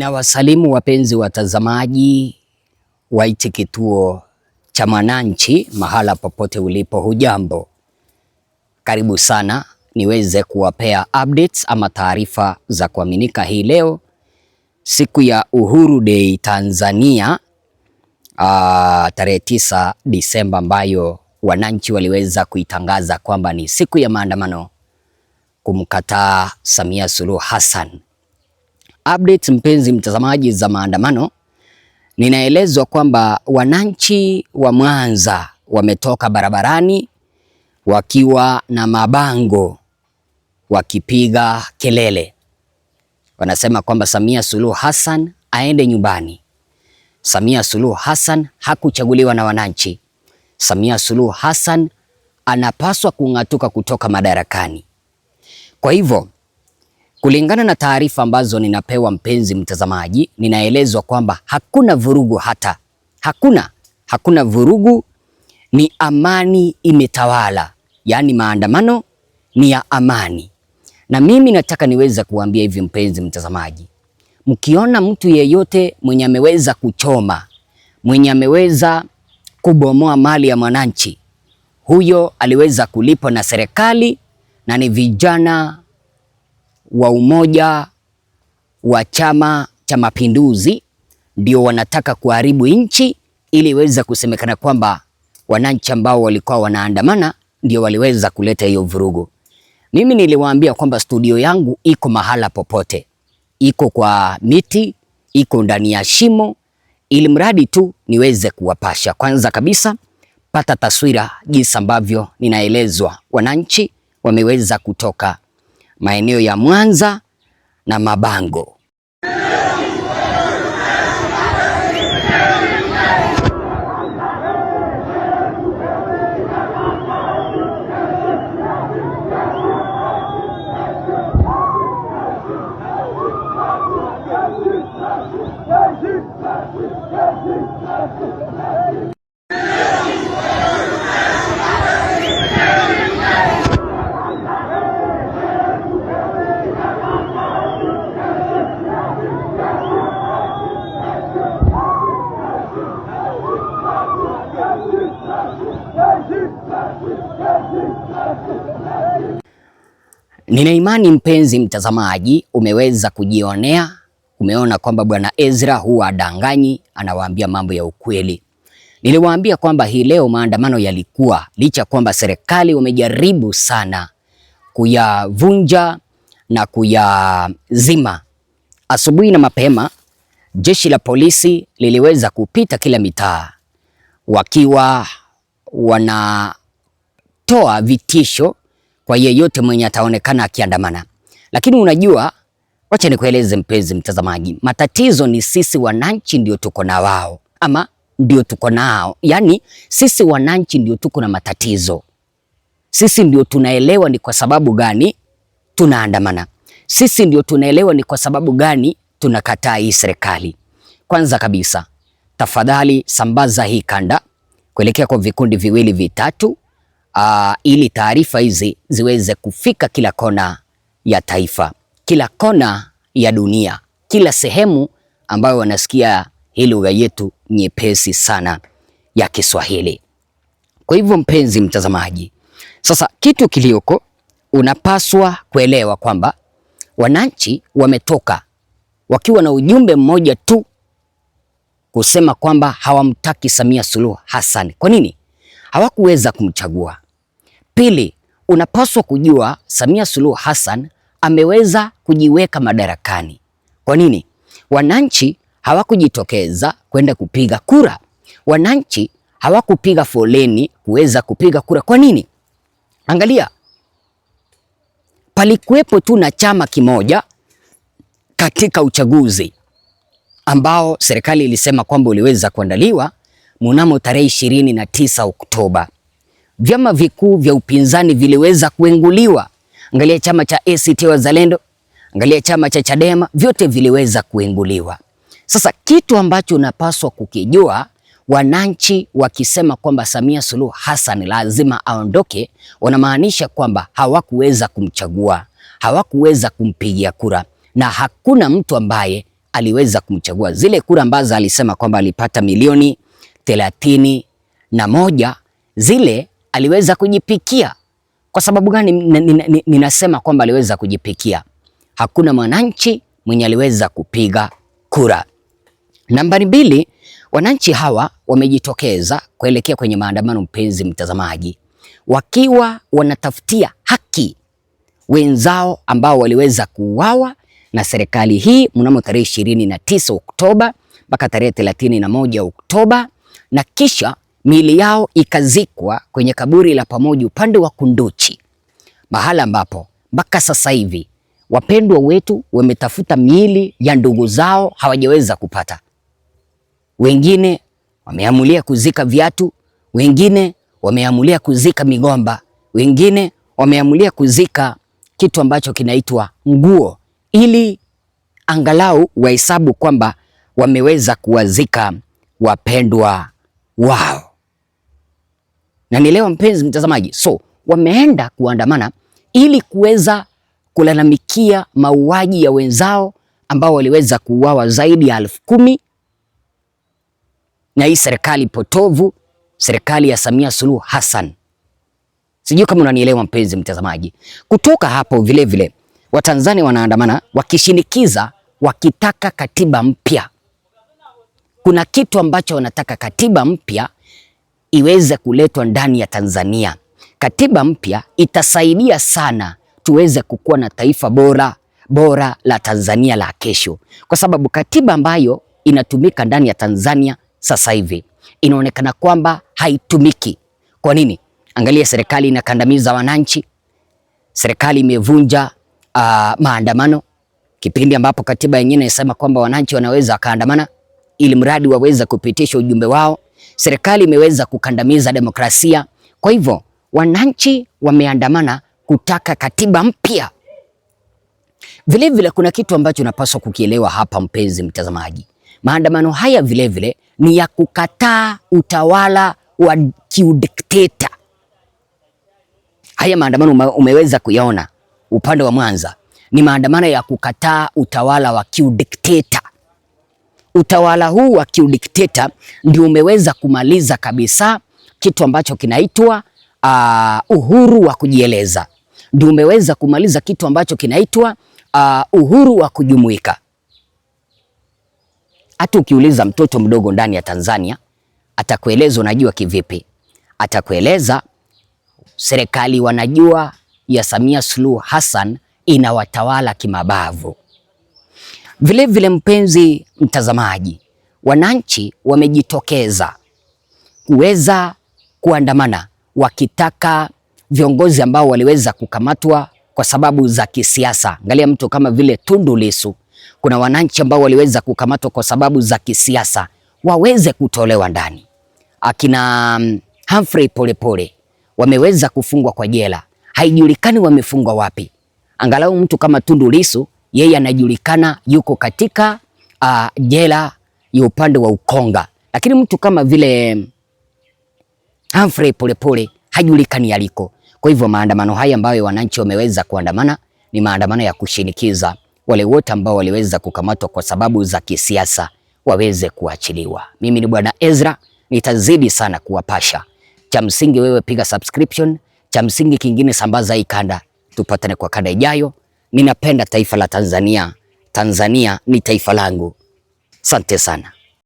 Ninawasalimu wapenzi watazamaji wa hichi kituo cha Mwananchi, mahala popote ulipo, hujambo? Karibu sana niweze kuwapea updates ama taarifa za kuaminika hii leo, siku ya Uhuru Day Tanzania, ah, tarehe 9 Disemba, ambayo wananchi waliweza kuitangaza kwamba ni siku ya maandamano kumkataa Samia Suluhu Hassan Update mpenzi mtazamaji za maandamano, ninaelezwa kwamba wananchi wa Mwanza wametoka barabarani wakiwa na mabango wakipiga kelele, wanasema kwamba Samia Suluhu Hassan aende nyumbani. Samia Suluhu Hassan hakuchaguliwa na wananchi. Samia Suluhu Hassan anapaswa kung'atuka kutoka madarakani. Kwa hivyo Kulingana na taarifa ambazo ninapewa, mpenzi mtazamaji, ninaelezwa kwamba hakuna vurugu hata hakuna, hakuna vurugu, ni amani imetawala, yaani maandamano ni ya amani. Na mimi nataka niweza kuambia hivi, mpenzi mtazamaji, mkiona mtu yeyote mwenye ameweza kuchoma, mwenye ameweza kubomoa mali ya mwananchi, huyo aliweza kulipwa na serikali na ni vijana wa umoja wa Chama cha Mapinduzi ndio wanataka kuharibu nchi ili iweza kusemekana kwamba wananchi ambao walikuwa wanaandamana ndio waliweza kuleta hiyo vurugu. Mimi niliwaambia kwamba studio yangu iko mahala popote, iko kwa miti, iko ndani ya shimo, ili mradi tu niweze kuwapasha. Kwanza kabisa pata taswira jinsi ambavyo ninaelezwa wananchi wameweza kutoka maeneo ya Mwanza na Mabango. Nina imani mpenzi mtazamaji, umeweza kujionea, umeona kwamba bwana Ezra huwa adanganyi, anawaambia mambo ya ukweli. Niliwaambia kwamba hii leo maandamano yalikuwa licha kwamba serikali wamejaribu sana kuyavunja na kuyazima. Asubuhi na mapema jeshi la polisi liliweza kupita kila mitaa wakiwa wanatoa vitisho kwa yeyote mwenye ataonekana akiandamana. Lakini unajua, wacha nikueleze mpenzi mtazamaji, matatizo ni sisi wananchi ndio tuko na wao, ama ndio tuko nao. Yaani sisi wananchi ndio tuko na matatizo, sisi ndio tunaelewa ni kwa sababu gani tunaandamana, sisi ndio tunaelewa ni kwa sababu gani tunakataa hii serikali. Kwanza kabisa, tafadhali sambaza hii kanda kuelekea kwa vikundi viwili vitatu uh, ili taarifa hizi ziweze kufika kila kona ya taifa, kila kona ya dunia, kila sehemu ambayo wanasikia hii lugha yetu nyepesi sana ya Kiswahili. Kwa hivyo, mpenzi mtazamaji, sasa kitu kilioko, unapaswa kuelewa kwamba wananchi wametoka wakiwa na ujumbe mmoja tu kusema kwamba hawamtaki Samia Suluhu Hassan. Kwa nini? Hawakuweza kumchagua. Pili, unapaswa kujua Samia Suluhu Hassan ameweza kujiweka madarakani. Kwa nini? Wananchi hawakujitokeza kwenda kupiga kura, wananchi hawakupiga foleni kuweza kupiga kura. Kwa nini? Angalia, palikuwepo tu na chama kimoja katika uchaguzi ambao serikali ilisema kwamba uliweza kuandaliwa mnamo tarehe ishirini na tisa Oktoba vyama vikuu vya upinzani viliweza kuenguliwa. Angalia chama cha ACT Wazalendo, angalia chama cha Chadema, vyote viliweza kuenguliwa. Sasa kitu ambacho unapaswa kukijua, wananchi wakisema kwamba Samia Suluhu Hassan lazima aondoke, wanamaanisha kwamba hawakuweza kumchagua, hawakuweza kumpigia kura, na hakuna mtu ambaye aliweza kumchagua. Zile kura ambazo alisema kwamba alipata milioni thelathini na moja zile aliweza kujipikia. Kwa sababu gani ninasema kwamba aliweza kujipikia? Hakuna mwananchi mwenye aliweza kupiga kura. Nambari mbili, wananchi hawa wamejitokeza kuelekea kwenye maandamano, mpenzi mtazamaji, wakiwa wanatafutia haki wenzao ambao waliweza kuuawa na serikali hii mnamo tarehe ishirini Oktoba mpaka tarehe 31 Oktoba na kisha miili yao ikazikwa kwenye kaburi la pamoja upande wa Kunduchi, mahala ambapo mpaka sasa hivi wapendwa wetu wametafuta miili ya ndugu zao hawajaweza kupata. Wengine wameamulia kuzika viatu, wengine wameamulia kuzika migomba, wengine wameamulia kuzika kitu ambacho kinaitwa nguo, ili angalau wahesabu kwamba wameweza kuwazika wapendwa wao na nielewa mpenzi mtazamaji, so wameenda kuandamana ili kuweza kulalamikia mauaji ya wenzao ambao waliweza kuuawa zaidi ya elfu kumi na hii serikali potovu, serikali ya Samia Suluhu Hassan. Sijui kama unanielewa mpenzi mtazamaji. Kutoka hapo vilevile vile, Watanzania wanaandamana wakishinikiza, wakitaka katiba mpya. Kuna kitu ambacho wanataka katiba mpya iweze kuletwa ndani ya Tanzania. Katiba mpya itasaidia sana tuweze kukuwa na taifa bora bora la Tanzania la kesho, kwa sababu katiba ambayo inatumika ndani ya Tanzania sasa hivi inaonekana kwamba haitumiki. Kwa nini? Angalia, serikali inakandamiza wananchi, serikali imevunja uh, maandamano, kipindi ambapo katiba yenyewe inasema kwamba wananchi wanaweza wakaandamana ili mradi waweze kupitisha ujumbe wao serikali imeweza kukandamiza demokrasia. Kwa hivyo wananchi wameandamana kutaka katiba mpya. Vilevile kuna kitu ambacho unapaswa kukielewa hapa, mpenzi mtazamaji. Maandamano haya vilevile ni ya kukataa utawala wa kiudikteta. Haya maandamano umeweza kuyaona upande wa Mwanza, ni maandamano ya kukataa utawala wa kiudikteta. Utawala huu wa kiudikteta ndio umeweza kumaliza kabisa kitu ambacho kinaitwa uh, uhuru wa kujieleza, ndio umeweza kumaliza kitu ambacho kinaitwa uh, uhuru wa kujumuika. Hata ukiuliza mtoto mdogo ndani ya Tanzania atakueleza unajua kivipi, atakueleza serikali wanajua ya Samia Suluhu Hassan inawatawala kimabavu. Vilevile vile, mpenzi mtazamaji, wananchi wamejitokeza kuweza kuandamana wakitaka viongozi ambao waliweza kukamatwa kwa sababu za kisiasa. Angalia mtu kama vile Tundu Lissu, kuna wananchi ambao waliweza kukamatwa kwa sababu za kisiasa waweze kutolewa ndani. Akina mm, Humphrey Polepole wameweza kufungwa kwa jela, haijulikani wamefungwa wapi. Angalau mtu kama Tundu Lissu yeye anajulikana yuko katika uh, jela ya upande wa Ukonga, lakini mtu kama vile mm, Humphrey Polepole hajulikani aliko. Kwa hivyo maandamano haya ambayo wananchi wameweza kuandamana ni maandamano ya kushinikiza wale wote ambao waliweza kukamatwa kwa sababu za kisiasa waweze kuachiliwa. Mimi ni Bwana Ezra, nitazidi sana kuwapasha. Cha msingi wewe piga subscription, cha msingi kingine sambaza hii kanda. Tupatane kwa kanda ijayo. Ninapenda taifa la Tanzania. Tanzania ni taifa langu. Sante sana.